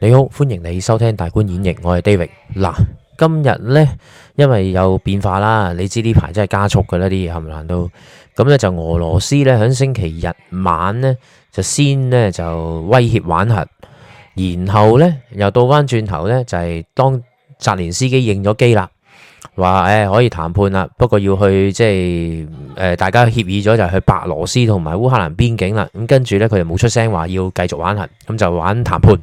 你好，歡迎你收聽大觀演繹。我係 David 嗱，今日呢，因為有變化啦，你知呢排真係加速噶啦啲嘢，係咪難到咁呢，就俄羅斯呢，喺星期日晚呢，就先呢，就威脅玩核，然後呢，又倒翻轉頭呢，就係、是、當澤連斯基應咗機啦，話誒、哎、可以談判啦，不過要去即係誒、呃、大家協議咗就去白羅斯同埋烏克蘭邊境啦。咁跟住呢，佢就冇出聲，話要繼續玩核咁就玩談判。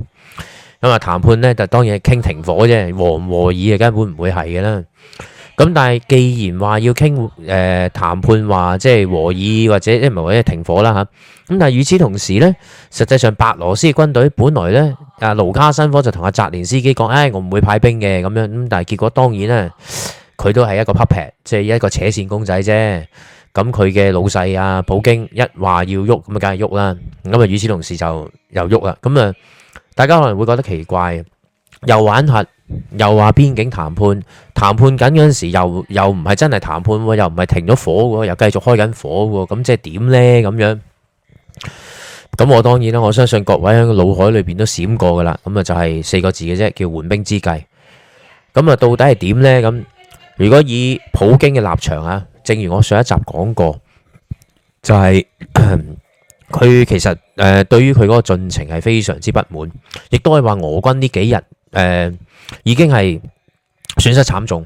咁啊、呃，談判咧就當然係傾停火啫，和唔和議啊，根本唔會係嘅啦。咁但係既然話要傾誒談判，話即係和議或者即係唔係停火啦嚇。咁但係與此同時咧，實際上白羅斯軍隊本來咧啊盧卡申科就同阿澤連斯基講，唉、哎，我唔會派兵嘅。咁樣咁，但係結果當然咧，佢都係一個 puppet，即係一個扯線公仔啫。咁佢嘅老細阿、啊、普京一話要喐，咁啊梗係喐啦。咁啊，與此同時就又喐啦。咁、嗯、啊。嗯大家可能會覺得奇怪，又玩核，又話邊境談判，談判緊嗰陣時又，又又唔係真係談判喎，又唔係停咗火喎，又繼續開緊火喎，咁即係點呢？咁樣，咁我當然啦，我相信各位喺腦海裏邊都閃過噶啦，咁啊就係四個字嘅啫，叫緩兵之計。咁啊到底係點呢？咁如果以普京嘅立場啊，正如我上一集講過，就係、是。 佢其實誒，對於佢個進程係非常之不滿，亦都可以話俄軍呢幾日誒、呃，已經係損失慘重，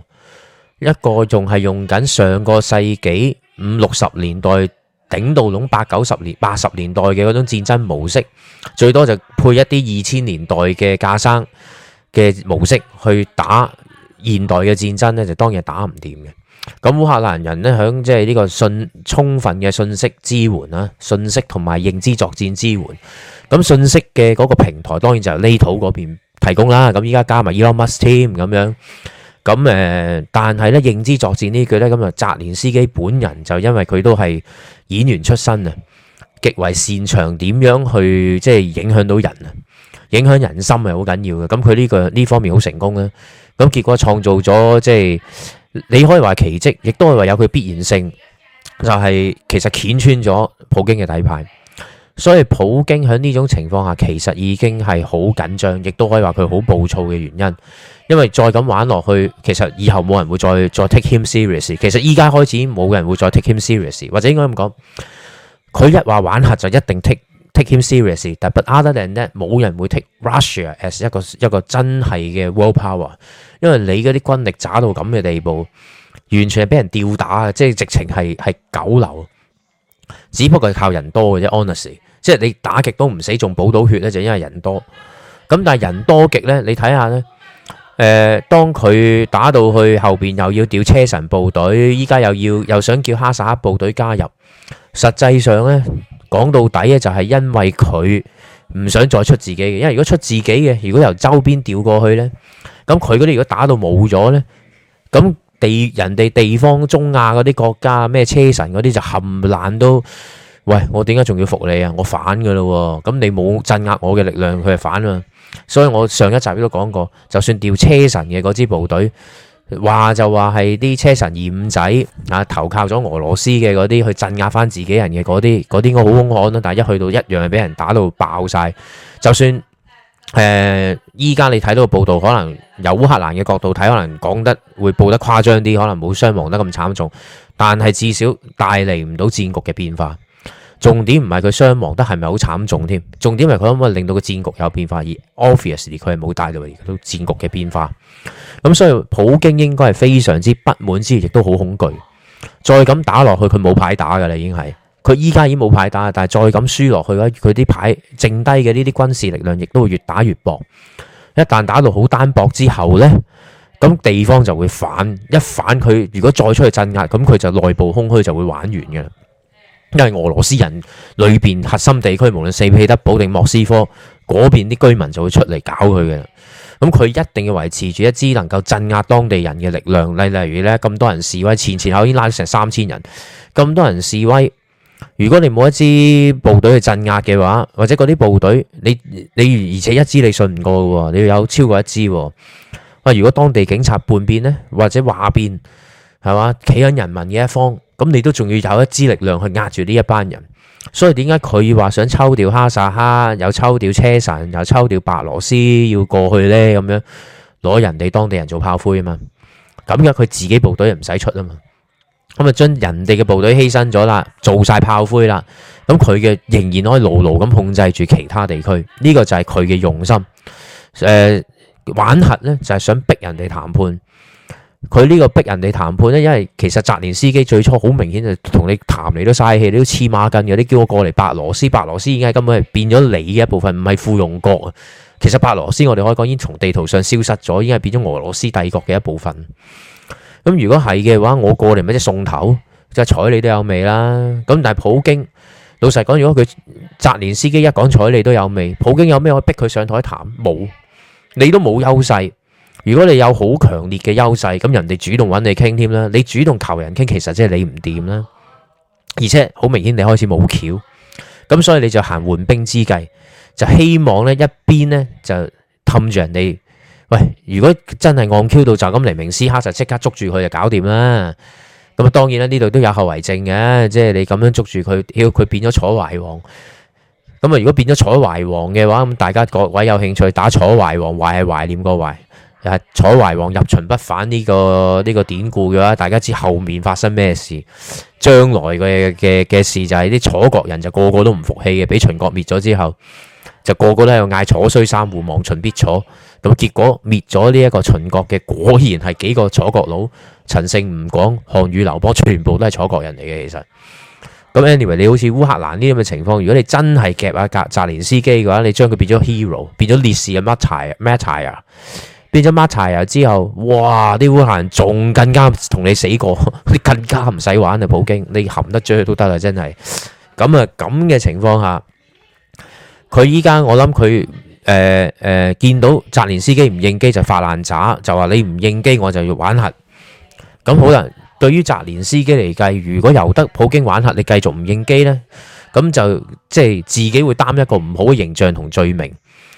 一個仲係用緊上個世紀五六十年代頂到籠八九十年八十年代嘅嗰種戰爭模式，最多就配一啲二千年代嘅架生嘅模式去打現代嘅戰爭咧，就當然打唔掂嘅。咁烏克蘭人咧，響即係呢個信充分嘅信息支援啦，信息同埋認知作戰支援。咁信息嘅嗰個平台當然就係 NATO 嗰邊提供啦。咁依家加埋 Elon Musk 添咁樣。咁誒，但係咧，認知作戰呢句咧，咁就澤連斯基本人就因為佢都係演員出身啊，極為擅長點樣去即係影響到人啊，影響人心係好緊要嘅。咁佢呢個呢方面好成功啦。咁結果創造咗即係。你可以話奇蹟，亦都可以話有佢必然性，就係其實揭穿咗普京嘅底牌，所以普京喺呢種情況下其實已經係好緊張，亦都可以話佢好暴躁嘅原因，因為再咁玩落去，其實以後冇人會再再 take him serious，其實依家開始冇人會再 take him serious，或者應該咁講，佢一話玩核就一定 take。take him seriously，但 but other than that，冇人會 take Russia as 一個一個真係嘅 world power，因為你嗰啲軍力渣到咁嘅地步，完全係俾人吊打嘅，即係直情係係九流，只不過係靠人多嘅啫。Honestly，即係你打極都唔死，仲補到血咧，就因為人多。咁但係人多極咧，你睇下咧，誒、呃，當佢打到去後邊又要調車臣部隊，依家又要又想叫哈薩克部隊加入，實際上咧。講到底咧，就係因為佢唔想再出自己嘅，因為如果出自己嘅，如果由周邊調過去呢，咁佢嗰啲如果打到冇咗呢，咁地人哋地方中亞嗰啲國家咩車臣嗰啲就冚爛都喂，我點解仲要服你啊？我反噶啦，咁你冇鎮壓我嘅力量，佢係反啊，所以我上一集都講過，就算調車臣嘅嗰支部隊。話就話係啲車臣二五仔啊，投靠咗俄羅斯嘅嗰啲，去鎮壓翻自己人嘅嗰啲嗰啲，應該好兇悍啦，但係一去到一樣係俾人打到爆晒。就算誒，依、呃、家你睇到個報道，可能由烏克蘭嘅角度睇，可能講得會報得誇張啲，可能冇傷亡得咁慘重，但係至少帶嚟唔到戰局嘅變化。重點唔係佢傷亡得係咪好慘重添，重點係佢可唔可以令到個戰局有變化？而 obviously 佢係冇帶到嚟到戰局嘅變化。咁所以普京應該係非常之不滿之，亦都好恐懼。再咁打落去，佢冇牌打㗎啦，已經係佢依家已經冇牌打啊！但係再咁輸落去，佢啲牌剩低嘅呢啲軍事力量，亦都會越打越薄。一旦打到好單薄之後呢，咁地方就會反一反，佢如果再出去鎮壓，咁佢就內部空虛，就會玩完㗎。因為俄羅斯人裏邊核心地區，無論聖彼得堡定莫斯科嗰邊啲居民就會出嚟搞佢嘅。咁佢一定要維持住一支能夠鎮壓當地人嘅力量。例例如呢，咁多人示威，前前後後已經拉咗成三千人，咁多人示威。如果你冇一支部隊去鎮壓嘅話，或者嗰啲部隊，你你，你而且一支你信唔過嘅喎，你要有超過一支喎。啊，如果當地警察叛變呢，或者話變係嘛，企緊人民嘅一方。咁你都仲要有一支力量去壓住呢一班人，所以點解佢話想抽掉哈薩克，又抽掉車臣，又抽掉白羅斯，要過去呢？咁樣攞人哋當地人做炮灰啊嘛？咁而家佢自己部隊唔使出啊嘛，咁啊將人哋嘅部隊犧牲咗啦，做晒炮灰啦，咁佢嘅仍然可以牢牢咁控制住其他地區，呢、這個就係佢嘅用心。誒、呃，玩核呢，就係、是、想逼人哋談判。佢呢個逼人哋談判呢？因為其實澤連斯基最初好明顯，就同你談嚟都嘥氣，你都黐孖筋嘅，你叫我過嚟白羅斯，白羅斯已經係根本係變咗你嘅一部分，唔係附庸國啊。其實白羅斯我哋可以講，已經從地圖上消失咗，已經係變咗俄羅斯帝國嘅一部分。咁如果係嘅話，我過嚟咪即係送頭，即係睬你都有味啦。咁但係普京，老實講，如果佢澤連斯基一講睬你都有味，普京有咩可以逼佢上台談？冇，你都冇優勢。如果你有好強烈嘅優勢，咁人哋主動揾你傾添啦。你主動求人傾，其實即係你唔掂啦，而且好明顯你開始冇橋，咁所以你就行緩兵之計，就希望呢一邊呢就氹住人哋。喂，如果真係按 Q 到就咁，黎明斯克就即刻捉住佢就搞掂啦。咁啊，當然啦，呢度都有後遺症嘅，即係你咁樣捉住佢，佢變咗楚懷王。咁啊，如果變咗楚懷王嘅話，咁大家各位有興趣打楚懷王，懷係懷念個懷。係楚懷王入秦不反呢、這個呢、這個典故嘅話，大家知後面發生咩事？將來嘅嘅嘅事就係、是、啲楚國人就個個都唔服氣嘅，俾秦國滅咗之後，就個個都喺度嗌楚雖三戶，亡秦必楚。咁結果滅咗呢一個秦國嘅，果然係幾個楚國佬，陳勝吳廣、項羽劉邦，全部都係楚國人嚟嘅。其實咁，Anyway，你好似烏克蘭呢咁嘅情況，如果你真係夾啊夾澤連斯基嘅話，你將佢變咗 hero，變咗烈士嘅乜柴啊，咩柴啊？變咗抹柴油之後，哇！啲烏克蘭仲更加同你死過，你更加唔使玩啊！普京，你含得嘴著都得啊！真係咁啊！咁嘅情況下，佢依家我諗佢誒誒見到澤連斯基唔應機就發爛渣，就話你唔應機我就要玩核。咁可能對於澤連斯基嚟計，如果由得普京玩核，你繼續唔應機呢，咁就即係自己會擔一個唔好嘅形象同罪名。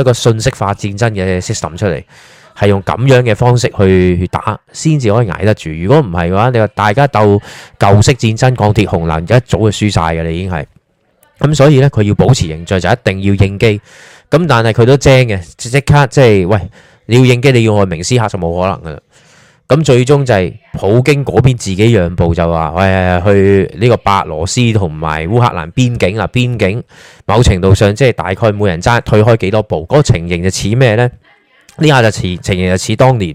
一個信息化戰爭嘅 system 出嚟，係用咁樣嘅方式去去打，先至可以捱得住。如果唔係嘅話，你話大家鬥舊式戰爭鋼鐵紅藍，一早就輸曬㗎喇，你已經係。咁所以呢，佢要保持形象就一定要應機。咁但係佢都精嘅，即刻即係喂，你要應機，你要我明斯克就冇可能㗎喇。咁最終就係普京嗰邊自己讓步，就話，誒去呢個白羅斯同埋烏克蘭邊境啊，邊境某程度上即係大概每人爭退開幾多步，嗰、嗰個、情形就似咩呢？呢下就似情形就似當年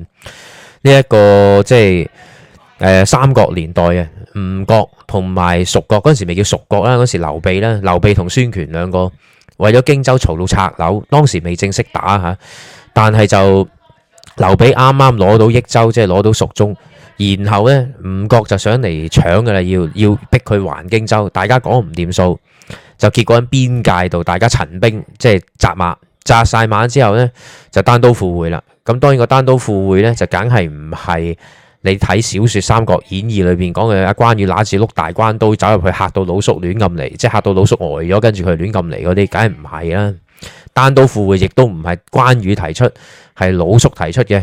呢一、個即係、呃、三國年代嘅吳國同埋蜀國嗰時未叫蜀國啦，嗰時劉備啦，劉備同孫權兩個為咗荊州嘈到拆樓，當時未正式打吓，但係就。留俾啱啱攞到益州，即係攞到蜀中，然後呢，吳國就想嚟搶噶啦，要要逼佢還荊州。大家講唔掂數，就結果喺邊界度，大家陳兵即係紮馬，紮晒馬之後呢，就單刀赴會啦。咁當然個單刀赴會呢，就梗係唔係你睇小說《三國演義》裏面講嘅，阿關羽拿住碌大關刀走入去嚇到老叔亂咁嚟，即係嚇到老叔呆咗，跟住佢亂咁嚟嗰啲，梗係唔係啦。單刀赴會亦都唔係關羽提出，係老叔提出嘅。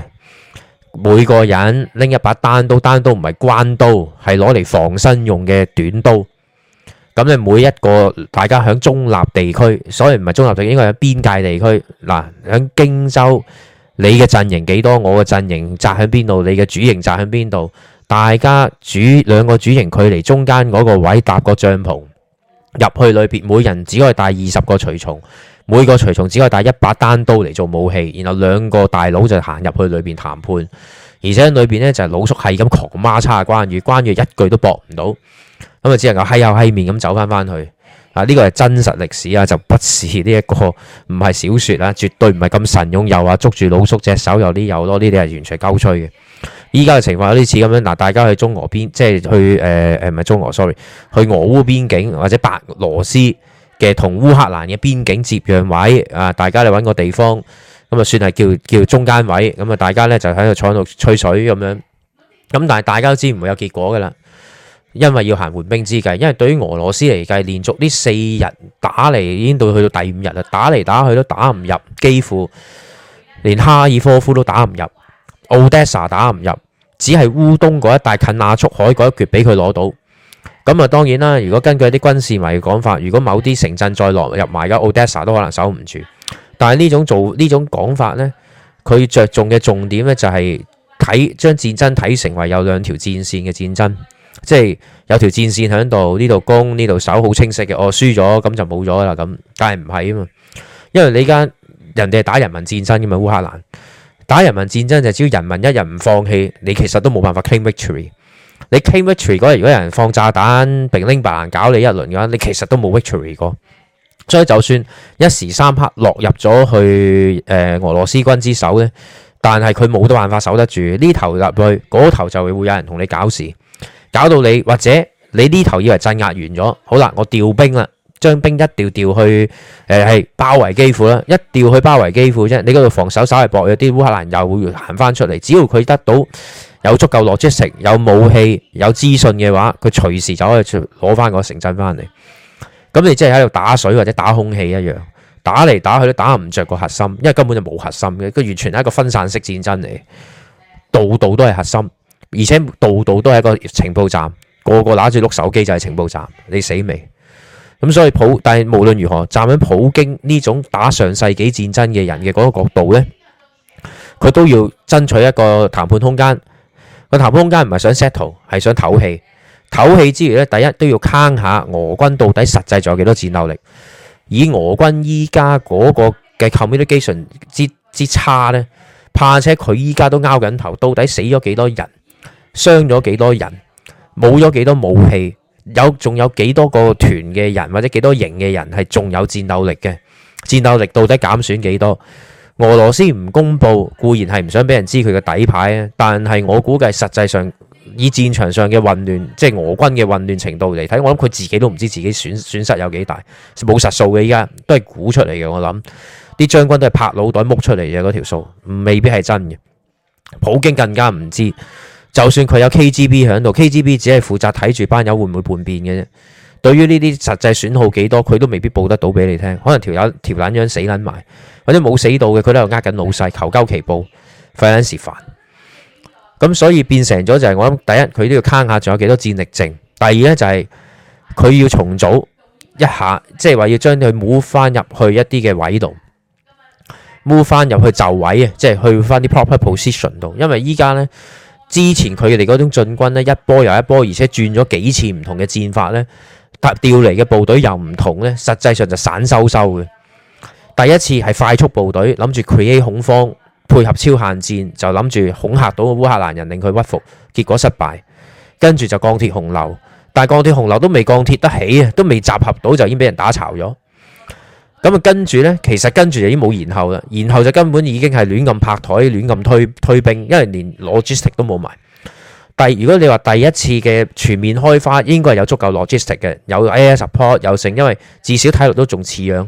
每個人拎一把單刀，單刀唔係關刀，係攞嚟防身用嘅短刀。咁你每一個大家響中立地區，所以唔係中立地，應該係邊界地區嗱。響荊州，你嘅陣營幾多？我嘅陣營紮響邊度？你嘅主營紮響邊度？大家主兩個主營距離中間嗰個位搭個帳篷入去裏邊，每人只可以帶二十個隨從。每個隨從只可以帶一把單刀嚟做武器，然後兩個大佬就行入去裏邊談判，而且裏邊呢，就係老叔係咁狂孖叉關羽，關羽一句都搏唔到，咁啊只能夠黑口黑面咁走翻翻去。啊，呢個係真實歷史啊，就不是呢一個，唔係小說啊，絕對唔係咁神勇又啊，捉住老叔隻手又啲有咯，呢啲係完全鳩吹嘅。依家嘅情況有啲似咁樣，嗱，大家去中俄邊，即係去誒誒，唔係中俄，sorry，去俄烏邊境或者白俄羅斯。嘅同烏克蘭嘅邊境接壤位啊，大家嚟揾個地方，咁啊算係叫叫中間位，咁啊大家呢就喺度坐喺度吹水咁樣，咁但係大家都知唔會有結果噶啦，因為要行緩兵之計，因為對於俄羅斯嚟計，連續呢四日打嚟已經到去到第五日啦，打嚟打去都打唔入，幾乎連哈爾科夫都打唔入，敖德薩打唔入，只係烏東嗰一帶近亞速海嗰一橛俾佢攞到。咁啊，當然啦！如果根據啲軍事迷嘅講法，如果某啲城鎮再落入埋，而家 Odessa 都可能守唔住。但係呢種做呢種講法呢，佢着重嘅重點呢，就係睇將戰爭睇成為有兩條戰線嘅戰爭，即係有條戰線喺度呢度攻呢度守，好清晰嘅。我、哦、輸咗咁就冇咗啦。咁梗係唔係啊嘛，因為你而家人哋係打人民戰爭嘅嘛，烏克蘭打人民戰爭就只要人民一日唔放棄，你其實都冇辦法 claim victory。你 came victory 嗰日，如果有人放炸彈，並拎白蘭搞你一輪嘅話，你其實都冇 victory 過。所以就算一時三刻落入咗去誒、呃、俄羅斯軍之手咧，但係佢冇得辦法守得住。呢頭入去，嗰頭就會有人同你搞事，搞到你或者你呢頭以為鎮壓完咗，好啦，我調兵啦，將兵一調調去誒係、呃、包圍基輔啦，一調去包圍基輔啫，你嗰度防守稍為薄弱啲，烏克蘭又會行翻出嚟，只要佢得到。有足夠 logistic，有武器，有資訊嘅話，佢隨時就可以攞翻個城鎮翻嚟。咁你即係喺度打水或者打空氣一樣，打嚟打去都打唔着個核心，因為根本就冇核心嘅，佢完全係一個分散式戰爭嚟，度度都係核心，而且度度都係一個情報站，個個拿住碌手機就係情報站，你死未？咁所以普但係無論如何站喺普京呢種打上世紀戰爭嘅人嘅嗰個角度呢，佢都要爭取一個談判空間。個談判空間唔係想 settle，係想唞氣。唞氣之餘咧，第一都要坑下俄軍到底實際仲有幾多戰鬥力。以俄軍依家嗰個嘅 communication 之之差咧，怕且佢依家都拗緊頭，到底死咗幾多人，傷咗幾多人，冇咗幾多武器，有仲有幾多個團嘅人或者幾多營嘅人係仲有戰鬥力嘅？戰鬥力到底減損幾多？俄羅斯唔公布固然係唔想俾人知佢嘅底牌啊，但係我估計實際上以戰場上嘅混亂，即係俄軍嘅混亂程度嚟睇，我諗佢自己都唔知自己損損失有幾大，冇實數嘅，依家都係估出嚟嘅。我諗啲將軍都係拍腦袋掹出嚟嘅嗰條數，未必係真嘅。普京更加唔知，就算佢有 KGB 響度，KGB 只係負責睇住班友會唔會叛變嘅啫。對於呢啲實際損耗幾多，佢都未必報得到俾你聽。可能條友條撚樣死撚埋。或者冇死到嘅，佢都喺度呃緊老細，求交其報，費卵時煩。咁所以變成咗就係我諗，第一佢都要坑下仲有幾多戰力剩，第二咧就係佢要重組一下，即係話要將佢 move 翻入去一啲嘅位度，move 翻入去就位啊，即係去翻啲 proper position 度。因為依家咧，之前佢哋嗰種進軍咧，一波又一波，而且轉咗幾次唔同嘅戰法咧，調嚟嘅部隊又唔同咧，實際上就散收收嘅。第一次係快速部隊，諗住 create 恐慌，配合超限戰，就諗住恐嚇到烏克蘭人，令佢屈服，結果失敗。跟住就鋼鐵洪流，但係鋼鐵洪流都未鋼鐵得起啊，都未集合到就已經俾人打巢咗。咁啊，跟住呢？其實跟住就已經冇然後啦。然後就根本已經係亂咁拍台，亂咁退退兵，因為連攞 logistic 都冇埋。但如果你話第一次嘅全面開花，應該係有足夠攞 logistic 嘅，有 air support 有剩，因為至少睇落都仲似樣。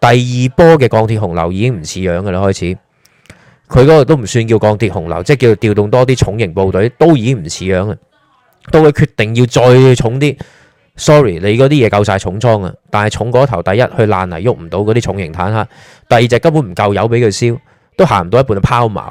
第二波嘅鋼鐵洪流已經唔似樣㗎喇，開始佢嗰個都唔算叫鋼鐵洪流，即係叫調動多啲重型部隊，都已經唔似樣啦。到佢決定要再重啲，sorry，你嗰啲嘢夠晒重裝啊，但係重嗰頭第一去爛泥喐唔到嗰啲重型坦克，第二隻根本唔夠油俾佢燒，都行唔到一半拋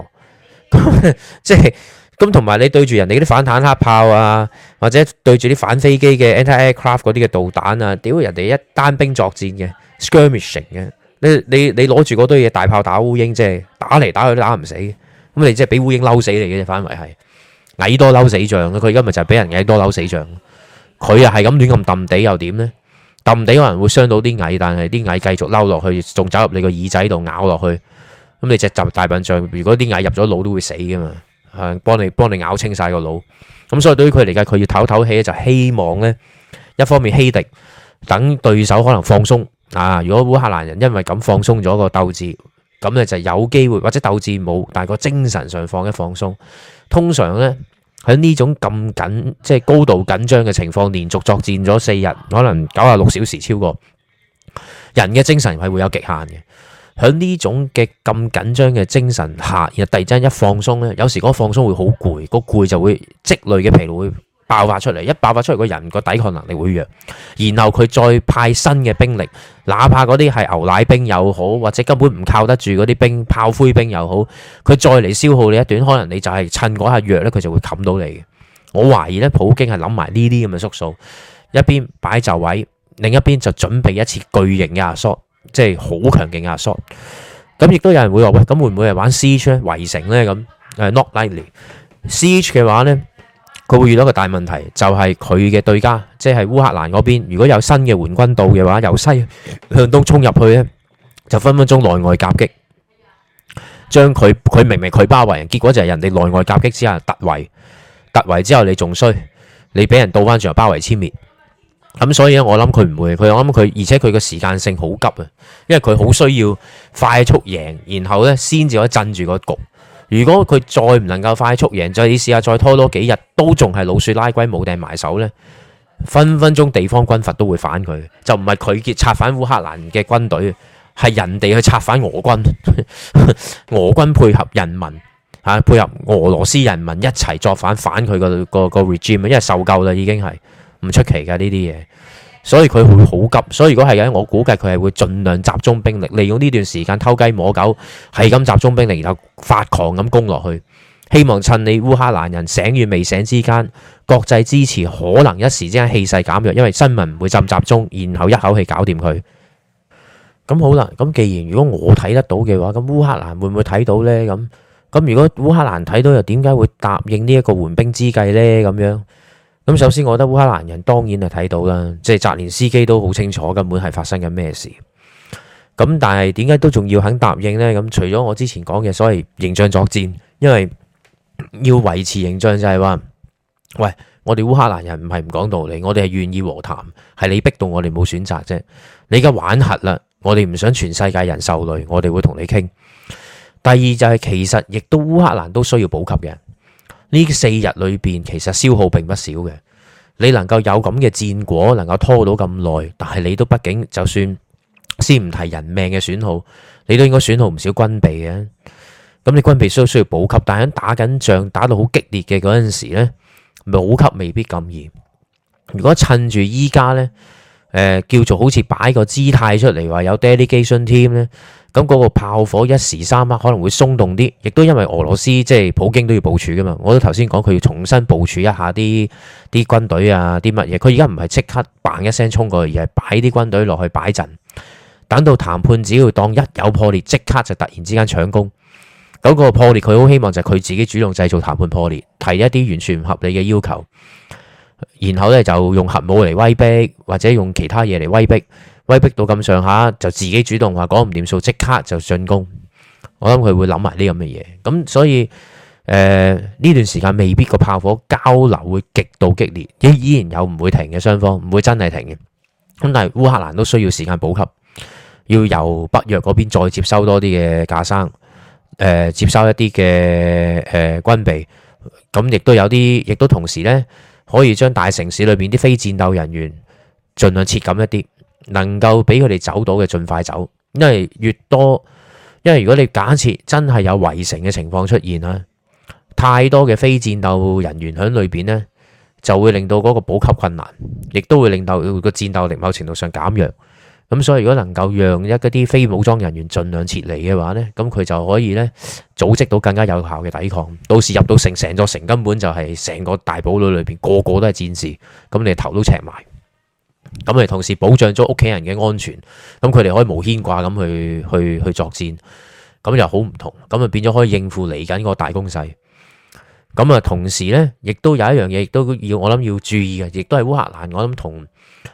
就拋、是、錨，咁即係。咁同埋你對住人哋嗰啲反坦克炮啊，或者對住啲反飛機嘅 anti-aircraft 嗰啲嘅導彈啊，屌人哋一單兵作戰嘅 skirmishing 嘅，你你你攞住嗰堆嘢大炮打烏蠅，即係打嚟，打去都打唔死，咁你即係俾烏蠅嬲死你嘅，反為係蟻多嬲死象嘅，佢而家咪就係俾人蟻多嬲死象，佢又係咁亂咁掟地又點呢？掟地可能會傷到啲蟻，但係啲蟻繼續嬲落去，仲走入你個耳仔度咬落去，咁你隻就大笨象，如果啲蟻入咗腦都會死噶嘛。係幫你幫你咬清晒個腦，咁所以對於佢嚟講，佢要唞唞氣就希望呢一方面欺敵，等對手可能放鬆啊！如果烏克蘭人因為咁放鬆咗個鬥志，咁咧就有機會或者鬥志冇，但係個精神上放一放鬆，通常呢，喺呢種咁緊即係、就是、高度緊張嘅情況，連續作戰咗四日，可能九十六小時超過，人嘅精神係會有極限嘅。喺呢種嘅咁緊張嘅精神下，然後突然間一放鬆呢有時嗰放鬆會好攰，個攰就會積累嘅疲勞會爆發出嚟，一爆發出嚟個人個抵抗能力會弱，然後佢再派新嘅兵力，哪怕嗰啲係牛奶兵又好，或者根本唔靠得住嗰啲兵、炮灰兵又好，佢再嚟消耗你一段，可能你就係趁嗰下弱呢，佢就會冚到你嘅。我懷疑呢普京係諗埋呢啲咁嘅縮數，一邊擺就位，另一邊就準備一次巨型嘅壓縮。即係好強勁壓縮，咁亦都有人會話喂，咁會唔會係玩 Siege 墩圍城呢？咁誒，Not likely。Siege 嘅話呢，佢會遇到一個大問題，就係佢嘅對家，即係烏克蘭嗰邊，如果有新嘅援軍到嘅話，由西向東衝入去呢，就分分鐘內外夾擊，將佢佢明明佢包圍，結果就係人哋內外夾擊之下突圍，突圍之後你仲衰，你俾人倒翻轉包圍殲滅。咁、嗯、所以咧，我諗佢唔會，佢我諗佢，而且佢個時間性好急啊，因為佢好需要快速贏，然後咧先至可以鎮住個局。如果佢再唔能夠快速贏，再試下再拖多幾日，都仲係老鼠拉龜冇掟埋手咧，分分鐘地方軍閥都會反佢，就唔係拒絕策反烏克蘭嘅軍隊，係人哋去策反俄軍， 俄軍配合人民吓、啊，配合俄羅斯人民一齊作反反佢、嗰個、嗰個、個 regime，因為受夠啦已經係。唔出奇噶呢啲嘢，所以佢會好急。所以如果係嘅，我估計佢係會盡量集中兵力，利用呢段時間偷雞摸狗，係咁集中兵力，然後發狂咁攻落去，希望趁你烏克蘭人醒與未醒之間，國際支持可能一時之間氣勢減弱，因為新聞唔會浸集中，然後一口氣搞掂佢。咁好啦，咁既然如果我睇得到嘅話，咁烏克蘭會唔會睇到呢？咁咁如果烏克蘭睇到又點解會答應呢一個緩兵之計呢？咁樣？咁首先，我覺得烏克蘭人當然係睇到啦，即係澤連斯基都好清楚根本係發生緊咩事。咁但係點解都仲要肯答應呢？咁除咗我之前講嘅所謂形象作戰，因為要維持形象就係話，喂，我哋烏克蘭人唔係唔講道理，我哋係願意和談，係你逼到我哋冇選擇啫。你而家玩核啦，我哋唔想全世界人受累，我哋會同你傾。第二就係其實亦都烏克蘭都需要補給嘅，呢四日裏邊其實消耗並不少嘅。你能夠有咁嘅戰果，能夠拖到咁耐，但係你都畢竟就算先唔提人命嘅損耗，你都應該損耗唔少軍備嘅。咁你軍備需要需要補給？但係打緊仗打到好激烈嘅嗰陣時呢，補給未必咁易。如果趁住依家呢，誒、呃，叫做好似擺個姿態出嚟，話有 delegation team 咧。咁嗰個炮火一時三刻可能會鬆動啲，亦都因為俄羅斯即係普京都要部署噶嘛。我都頭先講佢要重新部署一下啲啲軍隊啊，啲乜嘢。佢而家唔係即刻 bang 一聲衝過去，而係擺啲軍隊落去擺陣，等到談判，只要當一有破裂，即刻就突然之間搶攻。嗰個破裂佢好希望就係佢自己主動製造談判破裂，提一啲完全唔合理嘅要求，然後呢就用核武嚟威逼，或者用其他嘢嚟威逼。威逼到咁上下，就自己主動話講唔掂數，即刻就進攻。我諗佢會諗埋呢咁嘅嘢，咁所以誒呢、呃、段時間未必個炮火交流會極度激烈，依依然有唔會停嘅雙方，唔會真係停嘅。咁但係烏克蘭都需要時間補給，要由北約嗰邊再接收多啲嘅架生誒，接收一啲嘅誒軍備，咁亦都有啲，亦都同時呢，可以將大城市裏邊啲非戰鬥人員儘量撤減一啲。能夠俾佢哋走到嘅儘快走，因為越多，因為如果你假設真係有圍城嘅情況出現啦，太多嘅非戰鬥人員喺裏邊呢，就會令到嗰個補給困難，亦都會令到個戰鬥力某程度上減弱。咁所以如果能夠讓一啲非武裝人員儘量撤離嘅話呢，咁佢就可以呢組織到更加有效嘅抵抗。到時入到城，成座城，根本就係成個大堡壘裏邊個個都係戰士，咁你頭都赤埋。咁咪同時保障咗屋企人嘅安全，咁佢哋可以無牽掛咁去去去作戰，咁又好唔同，咁啊變咗可以應付嚟緊個大攻勢。咁啊，同時呢，亦都有一樣嘢，亦都要我諗要注意嘅，亦都係烏克蘭。我諗同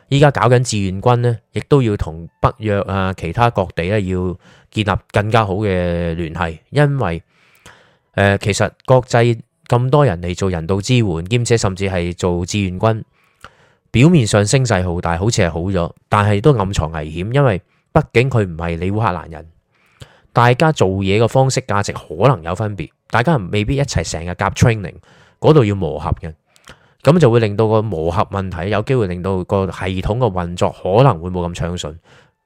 依家搞緊志願軍呢，亦都要同北約啊、其他各地咧，要建立更加好嘅聯繫，因為誒、呃、其實國際咁多人嚟做人道支援，兼且甚至係做志願軍。表面上聲勢浩大，好似係好咗，但係都暗藏危險，因為畢竟佢唔係你烏克蘭人，大家做嘢嘅方式、價值可能有分別，大家未必一齊成日夾 training，嗰度要磨合嘅，咁就會令到個磨合問題有機會令到個系統嘅運作可能會冇咁暢順，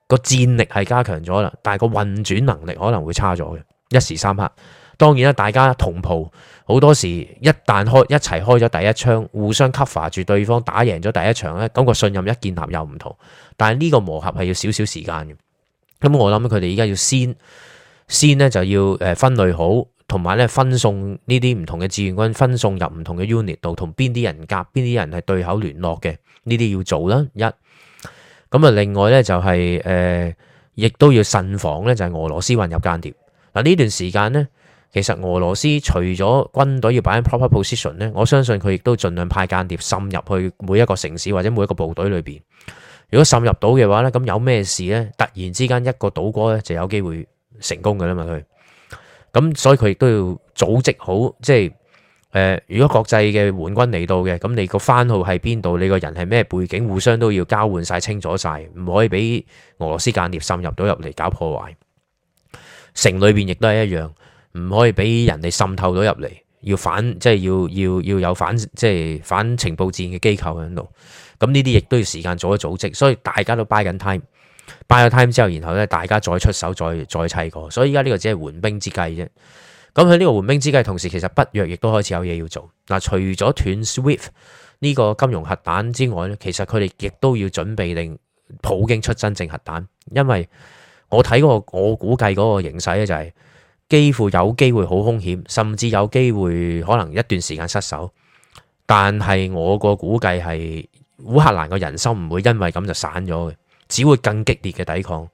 個戰力係加強咗啦，但係個運轉能力可能會差咗嘅，一時三刻，當然啦，大家同步。好多時，一旦開一齊開咗第一槍，互相 cover 住對方，打贏咗第一場咧，咁個信任一建立又唔同。但係呢個磨合係要少少時間嘅。咁我諗佢哋而家要先先呢就要誒分類好，同埋咧分送呢啲唔同嘅志願軍，分送入唔同嘅 unit 度，同邊啲人夾，邊啲人係對口聯絡嘅，呢啲要做啦。一咁啊，另外呢就係、是、誒、呃，亦都要慎防呢，就係俄羅斯混入間諜嗱。呢段時間呢。其實俄羅斯除咗軍隊要擺喺 proper position 咧，我相信佢亦都盡量派間諜滲入去每一個城市或者每一個部隊裏邊。如果滲入到嘅話咧，咁有咩事咧？突然之間一個倒戈咧就有機會成功噶啦嘛佢。咁所以佢亦都要組織好，即係誒、呃，如果國際嘅援軍嚟到嘅，咁你個番號喺邊度？你個人係咩背景？互相都要交換晒、清楚晒，唔可以俾俄羅斯間諜滲入到入嚟搞破壞。城裏邊亦都係一樣。唔可以俾人哋滲透咗入嚟，要反即係要要要有反即係反情報戰嘅機構喺度。咁呢啲亦都要時間做咗組織，所以大家都 buy 緊 time，buy 咗 time 之後，然後咧大家再出手再再砌過。所以而家呢個只係緩兵之計啫。咁喺呢個緩兵之計同時，其實北約亦都開始有嘢要做。嗱，除咗斷 Swift 呢個金融核彈之外咧，其實佢哋亦都要準備令普京出真正核彈，因為我睇嗰個我估計嗰個形勢咧就係、是。幾乎有機會好兇險，甚至有機會可能一段時間失手。但係我個估計係烏克蘭嘅人心唔會因為咁就散咗嘅，只會更激烈嘅抵抗。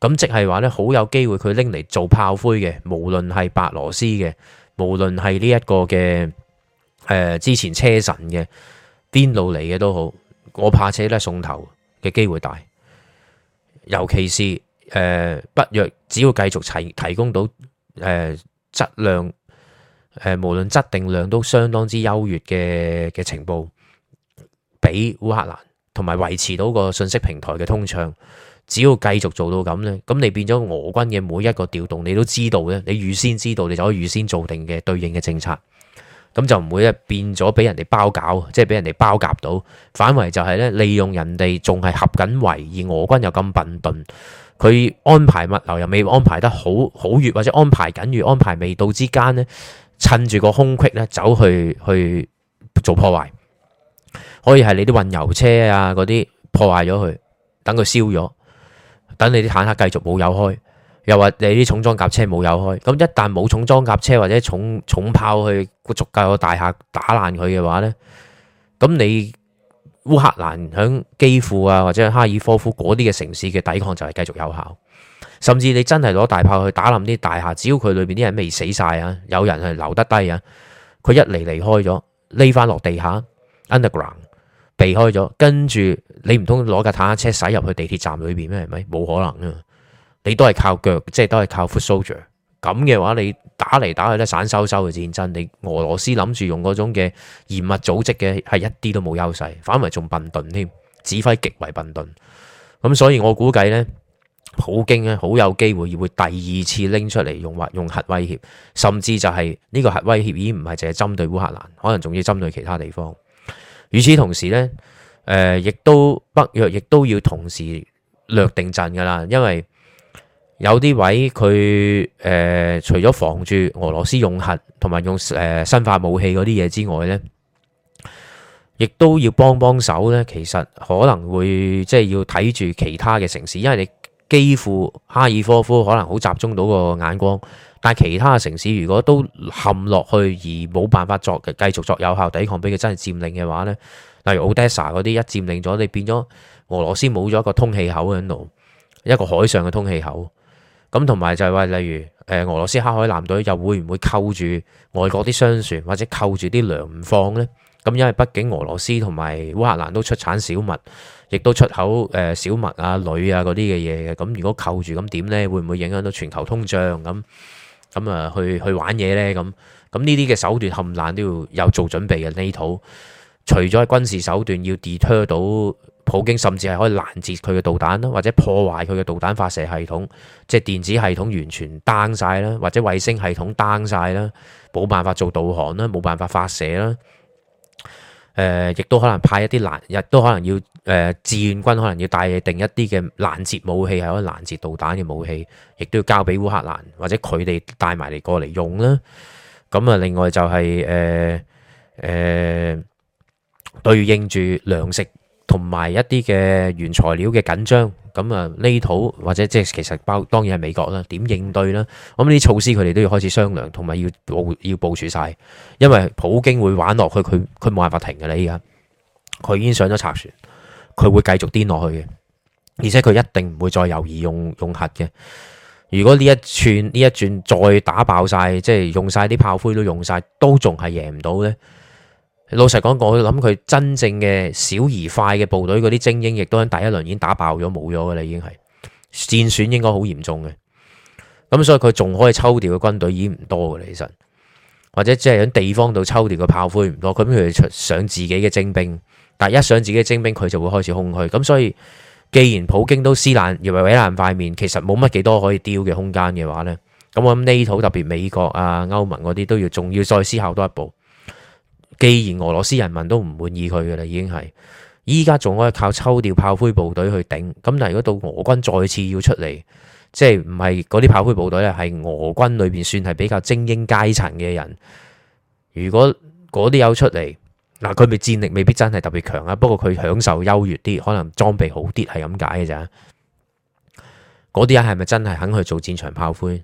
咁即係話呢，好有機會佢拎嚟做炮灰嘅，無論係白羅斯嘅，無論係呢一個嘅誒、呃、之前車臣嘅邊度嚟嘅都好，我怕車咧送頭嘅機會大。尤其是誒、呃、北約只要繼續提提供到。誒，質量誒，無論質定量都相當之優越嘅嘅情報，俾烏克蘭同埋維持到個信息平台嘅通暢。只要繼續做到咁呢，咁你變咗俄軍嘅每一個調動，你都知道呢，你預先知道，你就可以預先做定嘅對應嘅政策。咁就唔會咧變咗俾人哋包搞，即係俾人哋包夾到。反為就係呢，利用人哋仲係合緊圍，而俄軍又咁笨頓。佢安排物流又未安排得好好，月或者安排緊，月安排未到之間呢，趁住個空隙呢，走去去做破壞，可以係你啲運油車啊嗰啲，破壞咗佢，等佢燒咗，等你啲坦克繼續冇油開，又或你啲重裝甲車冇油開，咁一旦冇重裝甲車或者重重炮去個逐架個大廈打爛佢嘅話呢，咁你？烏克蘭響基庫啊，或者哈爾科夫嗰啲嘅城市嘅抵抗就係繼續有效，甚至你真係攞大炮去打冧啲大廈，只要佢裏邊啲人未死晒啊，有人係留得低啊，佢一嚟離，離開咗，匿翻落地下 underground 避開咗，跟住你唔通攞架坦克車駛入去地鐵站裏邊咩？係咪？冇可能啊！你都係靠腳，即係都係靠 foot soldier。咁嘅話，你打嚟打去咧，散收收嘅戰爭，你俄羅斯諗住用嗰種嘅嚴密組織嘅，係一啲都冇優勢，反為仲笨頓添，指揮極為笨頓。咁所以我估計呢，普京呢，好有機會會第二次拎出嚟用核威脅，甚至就係呢個核威脅已經唔係淨係針對烏克蘭，可能仲要針對其他地方。與此同時呢，誒亦都北約亦都要同時略定陣噶啦，因為。有啲位佢誒、呃，除咗防住俄羅斯用核同埋用誒、呃、生化武器嗰啲嘢之外咧，亦都要幫幫手咧。其實可能會即係要睇住其他嘅城市，因為你幾乎哈爾科夫可能好集中到個眼光，但係其他城市如果都陷落去而冇辦法作繼續作有效抵抗，俾佢真係佔領嘅話咧，例如奧德薩嗰啲一佔領咗，你變咗俄羅斯冇咗一個通氣口喺度，一個海上嘅通氣口。咁同埋就係話，例如誒俄羅斯黑海艦隊又會唔會扣住外國啲商船或者扣住啲糧唔放呢？咁因為畢竟俄羅斯同埋烏克蘭都出產小麥，亦都出口誒小麥啊、鈣啊嗰啲嘅嘢嘅。咁如果扣住咁點呢？會唔會影響到全球通脹？咁咁啊，去去玩嘢呢？咁咁呢啲嘅手段冚唪唥都要有做準備嘅。呢套、嗯、除咗係軍事手段要 detach 到。普京甚至係可以攔截佢嘅導彈啦，或者破壞佢嘅導彈發射系統，即係電子系統完全 down 曬啦，或者衛星系統 down 曬啦，冇辦法做導航啦，冇辦法發射啦。誒、呃，亦都可能派一啲攔，亦都可能要誒志願軍可能要帶定一啲嘅攔截武器，係可以攔截導彈嘅武器，亦都要交俾烏克蘭或者佢哋帶埋嚟過嚟用啦。咁、呃、啊，另外就係誒誒對應住糧食。同埋一啲嘅原材料嘅緊張，咁啊呢土或者即係其實包括當然係美國啦，點應對啦？咁呢啲措施佢哋都要開始商量，同埋要部要部署晒。因為普京會玩落去，佢佢冇辦法停㗎啦！依家佢已經上咗賊船，佢會繼續癲落去嘅，而且佢一定唔會再猶豫用用核嘅。如果呢一串呢一轉再打爆晒，即係用晒啲炮灰都用晒，都仲係贏唔到呢。老實講，我諗佢真正嘅小而快嘅部隊，嗰啲精英亦都喺第一輪已經打爆咗，冇咗㗎喇，已經係戰損應該好嚴重嘅。咁所以佢仲可以抽調嘅軍隊已經唔多㗎喇，其實或者即係喺地方度抽調嘅炮灰唔多。咁佢出上自己嘅精兵，但一上自己嘅精兵，佢就會開始空虛。咁所以既然普京都撕爛，亦或毀爛塊面，其實冇乜幾多可以丟嘅空間嘅話呢，咁我諗呢套特別美國啊、歐盟嗰啲都要，仲要再思考多一步。既然俄羅斯人民都唔滿意佢嘅啦，已經係依家仲可以靠抽調炮灰部隊去頂。咁但係如果到俄軍再次要出嚟，即係唔係嗰啲炮灰部隊咧，係俄軍裏邊算係比較精英階層嘅人。如果嗰啲有出嚟，嗱佢咪戰力未必真係特別強啊。不過佢享受優越啲，可能裝備好啲，係咁解嘅咋。嗰啲人係咪真係肯去做戰場炮灰？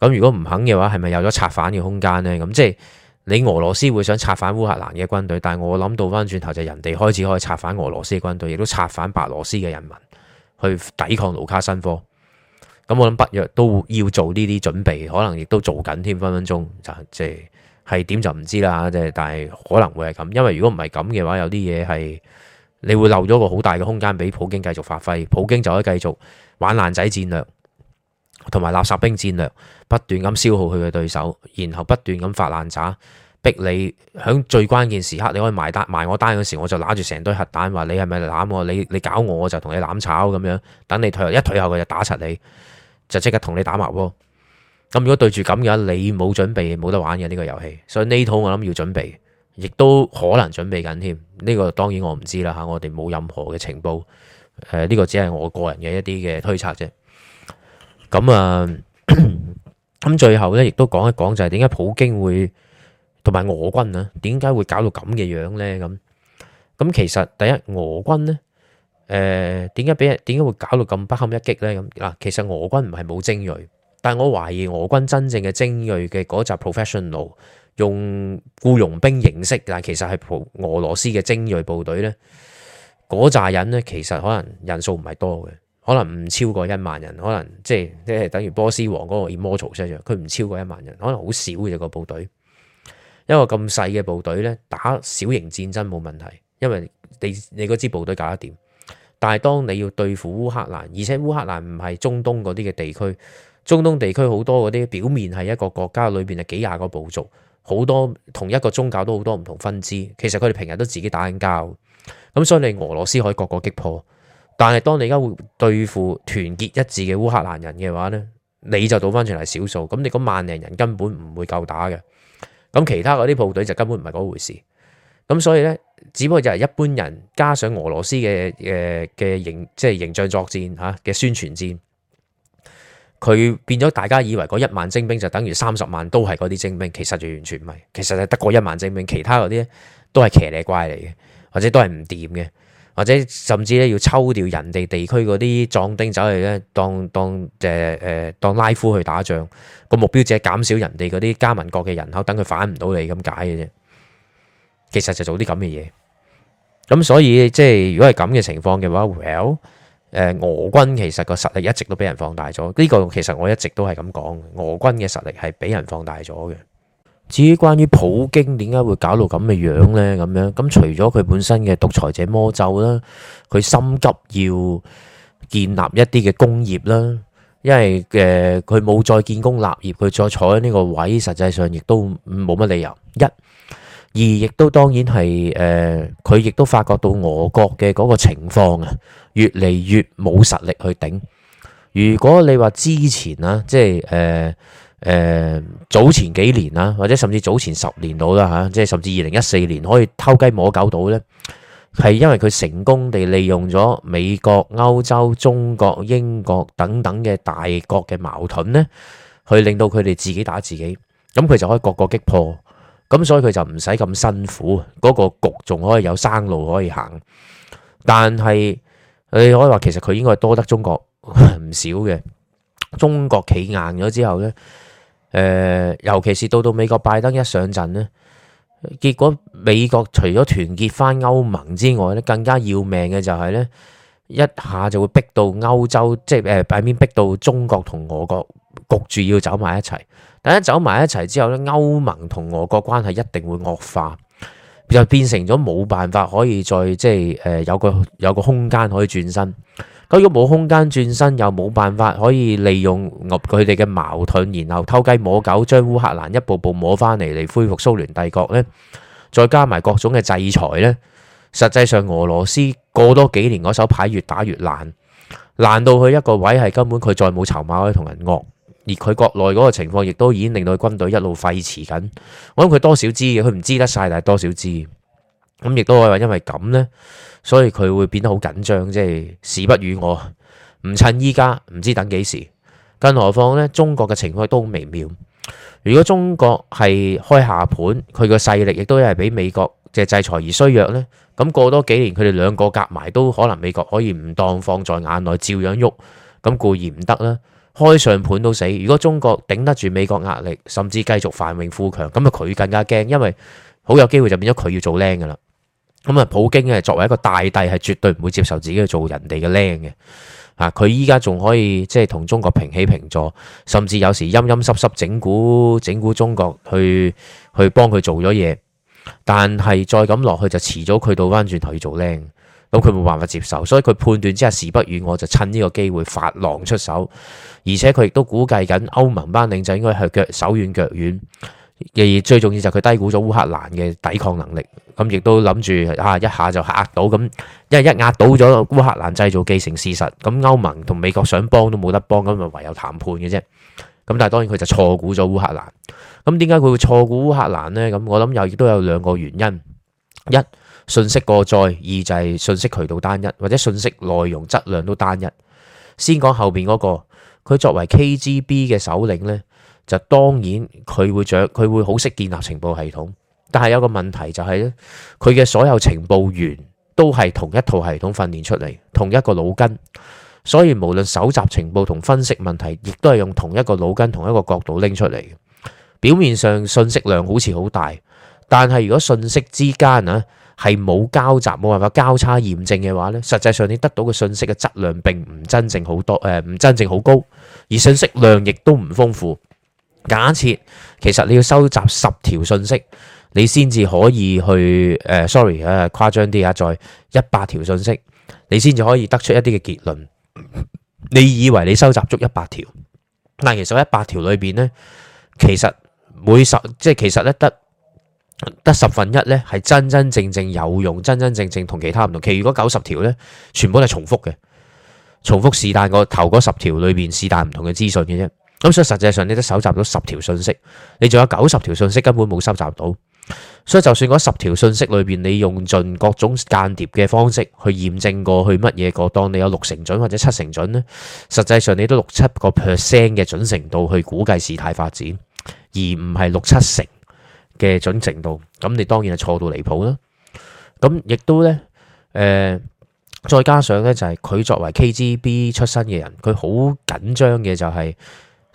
咁如果唔肯嘅話，係咪有咗策反嘅空間呢？咁即係。你俄羅斯會想策反烏克蘭嘅軍隊，但係我諗到翻轉頭就人哋開始可以策反俄羅斯嘅軍隊，亦都策反白俄羅斯嘅人民去抵抗盧卡申科。咁我諗北約都要做呢啲準備，可能亦都做緊添，分分鐘就即係係點就唔知啦，即係但係可能會係咁，因為如果唔係咁嘅話，有啲嘢係你會漏咗個好大嘅空間俾普京繼續發揮。普京就可以繼續玩爛仔戰略。同埋垃圾兵戰略，不斷咁消耗佢嘅對手，然後不斷咁發爛渣，逼你喺最關鍵時刻，你可以埋單埋我單嗰時，我就攬住成堆核彈，話你係咪攬我？你，你搞我，我就同你攬炒咁樣。等你退後一退後，佢就打柒你，就即刻同你打埋波。咁如果對住咁嘅話，你冇準備冇得玩嘅呢個遊戲。所以呢套我諗要準備，亦都可能準備緊添。呢個當然我唔知啦吓、啊，我哋冇任何嘅情報。呢個只係我個人嘅一啲嘅推測啫。咁啊，咁、嗯、最後咧，亦都講一講就係點解普京會同埋俄軍啊？點解會搞到咁嘅樣咧？咁咁其實第一俄軍咧，誒點解俾人點解會搞到咁不堪一擊咧？咁、啊、嗱，其實俄軍唔係冇精鋭，但係我懷疑俄軍真正嘅精鋭嘅嗰扎 professional 用僱傭兵形式，但其實係俄羅斯嘅精鋭部隊咧，嗰扎人咧其實可能人數唔係多嘅。可能唔超過一萬人，可能即係即係等於波斯王嗰個 Immortal 一樣，佢唔超過一萬人，可能好少嘅就個部隊。因為咁細嘅部隊呢，打小型戰爭冇問題，因為你你嗰支部隊搞得掂。但係當你要對付烏克蘭，而且烏克蘭唔係中東嗰啲嘅地區，中東地區好多嗰啲表面係一個國家，裏邊係幾廿個部族，好多同一個宗教都好多唔同分支，其實佢哋平日都自己打緊交，咁所以你俄羅斯可以各個擊破。但係當你而家會對付團結一致嘅烏克蘭人嘅話呢，你就倒翻轉係少數。咁你嗰萬零人根本唔會夠打嘅。咁其他嗰啲部隊就根本唔係嗰回事。咁所以呢，只不過就係一般人加上俄羅斯嘅嘅嘅形即係形象作戰吓嘅、啊、宣傳戰，佢變咗大家以為嗰一萬精兵就等於三十萬都係嗰啲精兵，其實就完全唔係。其實係得嗰一萬精兵，其他嗰啲都係騎呢怪嚟嘅，或者都係唔掂嘅。或者甚至咧要抽掉人哋地區嗰啲壯丁走嚟咧，當當誒誒、呃、當拉夫去打仗，個目標只係減少人哋嗰啲加盟國嘅人口，等佢反唔到你咁解嘅啫。其實就做啲咁嘅嘢，咁所以即係如果係咁嘅情況嘅話，Well，誒、呃、俄軍其實個實力一直都俾人放大咗，呢、這個其實我一直都係咁講，俄軍嘅實力係俾人放大咗嘅。至於關於普京點解會搞到咁嘅樣呢？咁樣咁除咗佢本身嘅獨裁者魔咒啦，佢心急要建立一啲嘅工業啦，因為誒佢冇再建功立業，佢再坐喺呢個位，實際上亦都冇乜理由。一，二亦都當然係誒，佢、呃、亦都發覺到俄國嘅嗰個情況啊，越嚟越冇實力去頂。如果你話之前呀，即係誒。呃誒，早前幾年啦，或者甚至早前十年到啦吓，即係甚至二零一四年可以偷雞摸狗到呢，係因為佢成功地利用咗美國、歐洲、中國、英國等等嘅大國嘅矛盾呢，去令到佢哋自己打自己，咁佢就可以各個擊破，咁所以佢就唔使咁辛苦，嗰個局仲可以有生路可以行。但係你可以話，其實佢應該係多得中國唔 少嘅，中國企硬咗之後呢。誒、呃，尤其是到到美國拜登一上陣呢，結果美國除咗團結翻歐盟之外咧，更加要命嘅就係、是、咧，一下就會逼到歐洲，即係誒、係、呃、擺明逼到中國同俄國焗住要走埋一齊。但係一走埋一齊之後咧，歐盟同俄國關係一定會惡化，就變成咗冇辦法可以再即係誒、呃，有個有個空間可以轉身。佢如果冇空間轉身，又冇辦法可以利用佢哋嘅矛盾，然後偷雞摸狗，將烏克蘭一步步摸翻嚟，嚟恢復蘇聯帝國呢，再加埋各種嘅制裁呢，實際上俄羅斯過多幾年嗰手牌越打越爛，爛到佢一個位係根本佢再冇籌碼可以同人惡，而佢國內嗰個情況亦都已經令到佢軍隊一路廢弛緊。我諗佢多少知，佢唔知得晒，但係多少知。咁亦都可以話，因為咁呢，所以佢會變得好緊張，即係時不與我，唔趁依家，唔知等幾時。更何況呢，中國嘅情況都微妙。如果中國係開下盤，佢個勢力亦都係畀美國即制裁而衰弱呢。咁過多幾年，佢哋兩個夾埋都可能美國可以唔當放在眼內，照樣喐，咁固然唔得啦。開上盤都死。如果中國頂得住美國壓力，甚至繼續繁榮富強，咁啊佢更加驚，因為好有機會就變咗佢要做靚噶啦。咁啊，普京係作為一個大帝，係絕對唔會接受自己去做人哋嘅僆嘅。啊，佢依家仲可以即係同中國平起平坐，甚至有時陰陰濕濕整蠱整蠱中國去，去去幫佢做咗嘢。但係再咁落去就遲早，佢到翻轉頭去做僆，咁佢冇辦法接受，所以佢判斷之下時不遠，我就趁呢個機會發狼出手，而且佢亦都估計緊歐盟班領就應該係腳手軟腳軟。而最重要就係佢低估咗烏克蘭嘅抵抗能力，咁亦都諗住吓一下就吓到，咁因為一壓倒咗烏克蘭製造既成事實，咁歐盟同美國想幫都冇得幫，咁咪唯有談判嘅啫。咁但係當然佢就錯估咗烏克蘭。咁點解佢會錯估烏克蘭呢？咁我諗又亦都有兩個原因：一信息過載，二就係、是、信息渠道單一，或者信息內容質量都單一。先講後邊嗰、那個，佢作為 KGB 嘅首領呢。就當然佢會著佢會好識建立情報系統，但係有個問題就係咧，佢嘅所有情報員都係同一套系統訓練出嚟，同一個腦筋，所以無論搜集情報同分析問題，亦都係用同一個腦筋、同一個角度拎出嚟嘅。表面上信息量好似好大，但係如果信息之間啊係冇交集、冇辦法交叉驗證嘅話咧，實際上你得到嘅信息嘅質量並唔真正好多，誒、呃、唔真正好高，而信息量亦都唔豐富。假設其實你要收集十條信息，你先至可以去誒、uh,，sorry 誒，誇張啲啊，再一百條信息，你先至可以得出一啲嘅結論。 你以為你收集足一百條，但其實一百條裏邊呢，其實每十即係其實咧得得十分一咧係真真正正有用，真真正正同其他唔同。其餘嗰九十條咧，全部都係重複嘅，重複是但個頭嗰十條裏邊是但唔同嘅資訊嘅啫。咁所以實際上你都搜集到十條信息，你仲有九十條信息根本冇收集到。所以就算嗰十條信息裏邊，你用盡各種間諜嘅方式去驗證過去乜嘢個，當你有六成準或者七成準呢，實際上你都六七個 percent 嘅準程度去估計事態發展，而唔係六七成嘅準程度。咁你當然係錯到離譜啦。咁亦都呢，誒、呃，再加上呢就係佢作為 KGB 出身嘅人，佢好緊張嘅就係、是。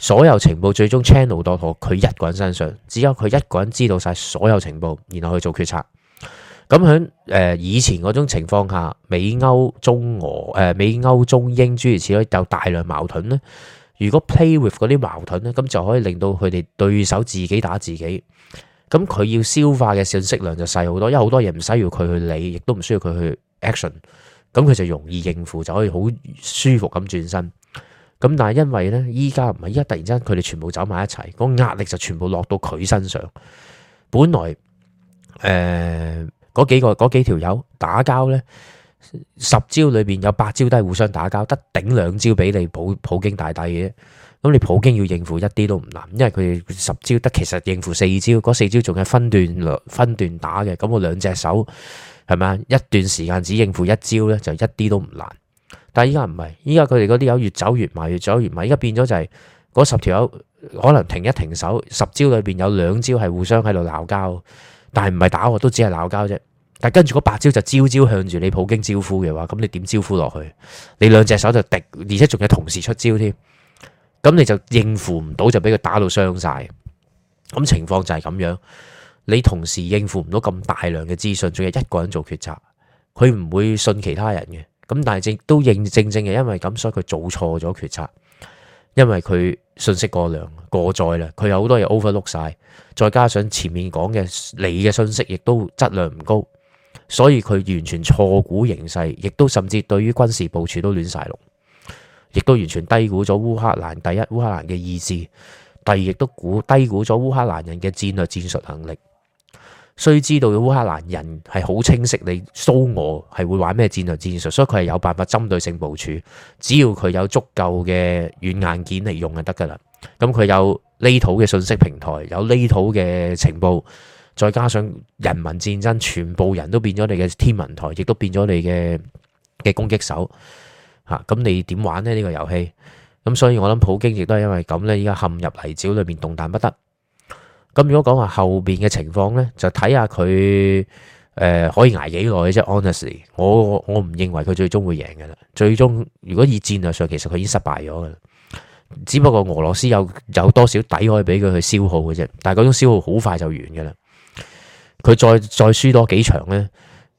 所有情報最終 channel 到佢一個人身上，只有佢一個人知道晒所有情報，然後去做決策。咁喺誒以前嗰種情況下，美歐中俄誒、呃、美歐中英諸如此類，有大量矛盾咧。如果 play with 嗰啲矛盾咧，咁就可以令到佢哋對手自己打自己。咁佢要消化嘅信息量就細好多，因為好多嘢唔需要佢去理，亦都唔需要佢去 action。咁佢就容易應付，就可以好舒服咁轉身。咁但係因為呢，依家唔係依家突然之間佢哋全部走埋一齊，個壓力就全部落到佢身上。本來誒，嗰、呃、幾個嗰幾條友打交呢，十招裏邊有八招都係互相打交，得頂兩招俾你普普京大帝嘅。咁你普京要應付一啲都唔難，因為佢哋十招得其實應付四招，嗰四招仲係分段分段打嘅。咁我兩隻手係咪？一段時間只應付一招呢，就一啲都唔難。但係依家唔係，依家佢哋嗰啲友越走越埋，越走越埋。依家變咗就係嗰十條友可能停一停手，十招裏邊有兩招係互相喺度鬧交，但係唔係打我，我都只係鬧交啫。但係跟住嗰八招就朝朝向住你普京招呼嘅話，咁你點招呼落去？你兩隻手就滴，而且仲有同時出招添，咁你就應付唔到，就俾佢打到傷晒。咁情況就係咁樣，你同時應付唔到咁大量嘅資訊，仲要一個人做決策，佢唔會信其他人嘅。咁但係正都認正正係因為咁，所以佢做錯咗決策，因為佢信息過量、過載啦，佢有好多嘢 overlook 晒，再加上前面講嘅你嘅信息亦都質量唔高，所以佢完全錯估形勢，亦都甚至對於軍事部署都亂晒龍，亦都完全低估咗烏克蘭第一烏克蘭嘅意志，第二亦都估低估咗烏克蘭人嘅戰略戰術能力。雖知道烏克蘭人係好清晰你，你蘇俄係會玩咩戰略戰術，所以佢係有辦法針對性部署。只要佢有足夠嘅軟硬件嚟用就得噶啦。咁佢有呢套嘅信息平台，有呢套嘅情報，再加上人民戰爭，全部人都變咗你嘅天文台，亦都變咗你嘅嘅攻擊手。吓、啊、咁你點玩呢呢、呢個遊戲咁，所以我諗普京亦都係因為咁呢，依家陷入泥沼裏面動彈不得。咁如果講話後邊嘅情況呢，就睇下佢誒可以挨幾耐啫。Honestly，我我唔認為佢最終會贏嘅啦。最終如果以戰略上，其實佢已經失敗咗嘅啦。只不過俄羅斯有有多少底可以俾佢去消耗嘅啫，但係嗰種消耗好快就完嘅啦。佢再再輸多幾場呢，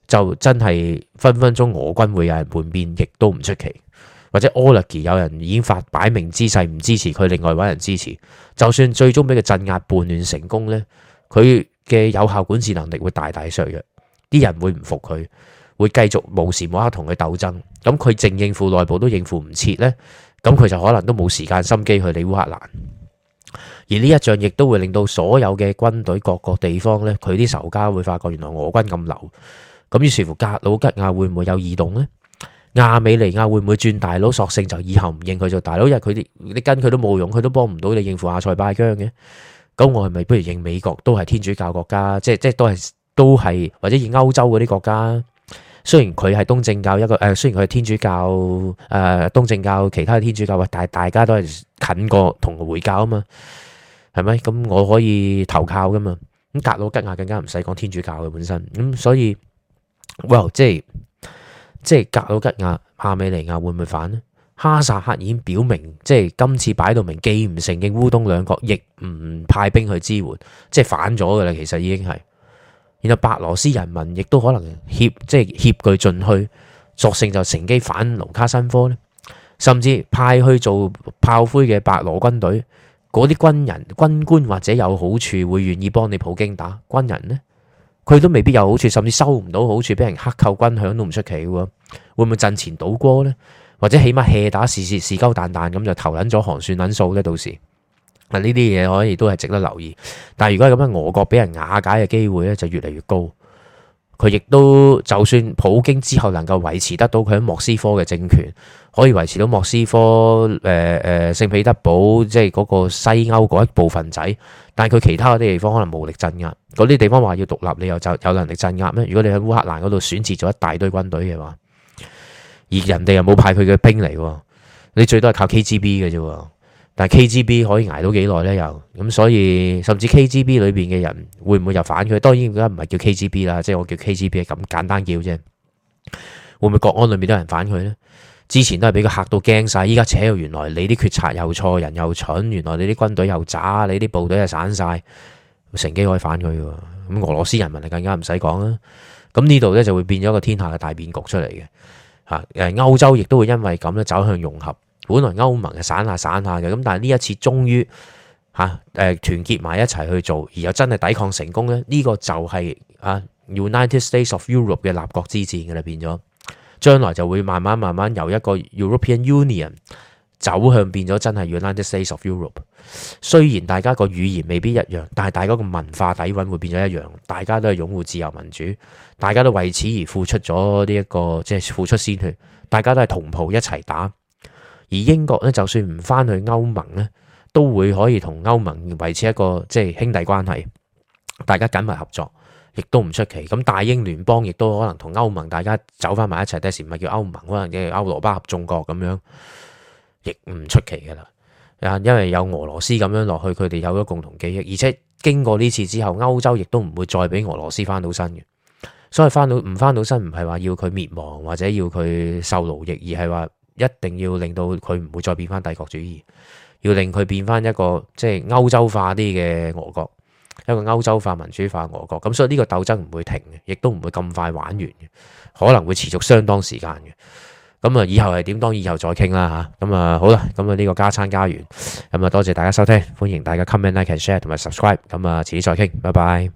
就真係分分鐘俄軍會有人叛變，亦都唔出奇。或者 o l l e r g 有人已經發擺明姿勢唔支持佢，另外揾人支持。就算最終俾佢鎮壓叛亂成功呢，佢嘅有效管治能力會大大削弱，啲人會唔服佢，會繼續無時無刻同佢鬥爭。咁佢淨應付內部都應付唔切呢，咁佢就可能都冇時間心機去理烏克蘭。而呢一仗亦都會令到所有嘅軍隊、各個地方呢，佢啲仇家會發覺原來俄軍咁流，咁於是乎格魯吉亞會唔會有異動呢？亞美尼亞會唔會轉大佬，索性就以後唔認佢做大佬，因為佢哋，你跟佢都冇用，佢都幫唔到你應付阿塞拜疆嘅。咁我係咪不，不如認美國都係天主教國家，即係即係都係都係或者認歐洲嗰啲國家？雖然佢係東正教一個誒、呃，雖然佢係天主教誒、呃、東正教，其他嘅天主教，但係大家都係近過同回教啊嘛，係咪？咁我可以投靠噶嘛。咁格魯吉亞更加唔使講天主教嘅本身。咁、嗯、所以，Well 即係。即係格魯吉亞、亞美尼亞會唔會反咧？哈薩克已經表明，即係今次擺到明，既唔承認烏東兩國，亦唔派兵去支援，即係反咗㗎喇。其實已經係。然後白羅斯人民亦都可能協即係協佢進去，索性就乘機反盧卡申科咧。甚至派去做炮灰嘅白羅軍隊嗰啲軍人、軍官或者有好處會願意幫你普京打軍人呢。佢都未必有好處，甚至收唔到好處，俾人克扣軍餉都唔出奇喎，會唔會陣前倒戈呢？或者起碼 hea 打時事時時鳩但但咁就投撚咗降算撚數呢？到時嗱呢啲嘢我可以都係值得留意，但係如果係咁樣，俄國俾人瓦解嘅機會咧就越嚟越高。佢亦都就算普京之後能夠維持得到佢喺莫斯科嘅政權，可以維持到莫斯科誒誒、呃呃、聖彼得堡，即係嗰個西歐嗰一部分仔，但係佢其他嗰啲地方可能無力鎮壓，嗰啲地方話要獨立，你又就有能力鎮壓咩？如果你喺烏克蘭嗰度損折咗一大堆軍隊嘅話，而人哋又冇派佢嘅兵嚟，你最多係靠 KGB 嘅啫。但係 KGB 可以捱到幾耐呢？又咁，所以甚至 KGB 裏邊嘅人會唔會又反佢？當然而家唔係叫 KGB 啦，即係我叫 KGB 咁簡單叫啫。會唔會國安裏面都有人反佢呢？之前都係俾佢吓到驚晒，依家扯到原來你啲決策又錯，人又蠢，原來你啲軍隊又渣，你啲部隊又散晒，乘機可以反佢喎。咁俄羅斯人民係更加唔使講啦。咁呢度呢，就會變咗一個天下嘅大變局出嚟嘅。啊！誒，歐洲亦都會因為咁樣走向融合。本來歐盟係散下散下嘅，咁但係呢一次終於嚇誒、啊、團結埋一齊去做，而又真係抵抗成功咧。呢、這個就係啊，United States of Europe 嘅立國之戰嘅啦，變咗將來就會慢慢慢慢由一個 European Union。走向變咗，真係要 United States of Europe。雖然大家個語言未必一樣，但係大家個文化底蘊會變咗一樣。大家都係擁護自由民主，大家都為此而付出咗呢一個即係付出鮮血，大家都係同袍一齊打。而英國咧，就算唔翻去歐盟咧，都會可以同歐盟維持一個即係兄弟關係，大家緊密合作，亦都唔出奇。咁大英聯邦亦都可能同歐盟大家走翻埋一齊，第時唔係叫歐盟可能叫歐羅巴合眾國咁樣。亦唔出奇噶啦，啊，因為有俄羅斯咁樣落去，佢哋有咗共同記憶，而且經過呢次之後，歐洲亦都唔會再俾俄羅斯翻到身嘅。所以翻到唔翻到身，唔係話要佢滅亡或者要佢受奴役，而係話一定要令到佢唔會再變翻帝國主義，要令佢變翻一個即係歐洲化啲嘅俄國，一個歐洲化民主化俄國。咁所以呢個鬥爭唔會停嘅，亦都唔會咁快玩完嘅，可能會持續相當時間嘅。咁啊，以後係點？當以後再傾啦嚇。咁啊，好啦，咁啊呢個加餐加完，咁啊多謝大家收聽，歡迎大家 comment、like、share 同埋 subscribe。咁啊，遲啲再傾，拜拜。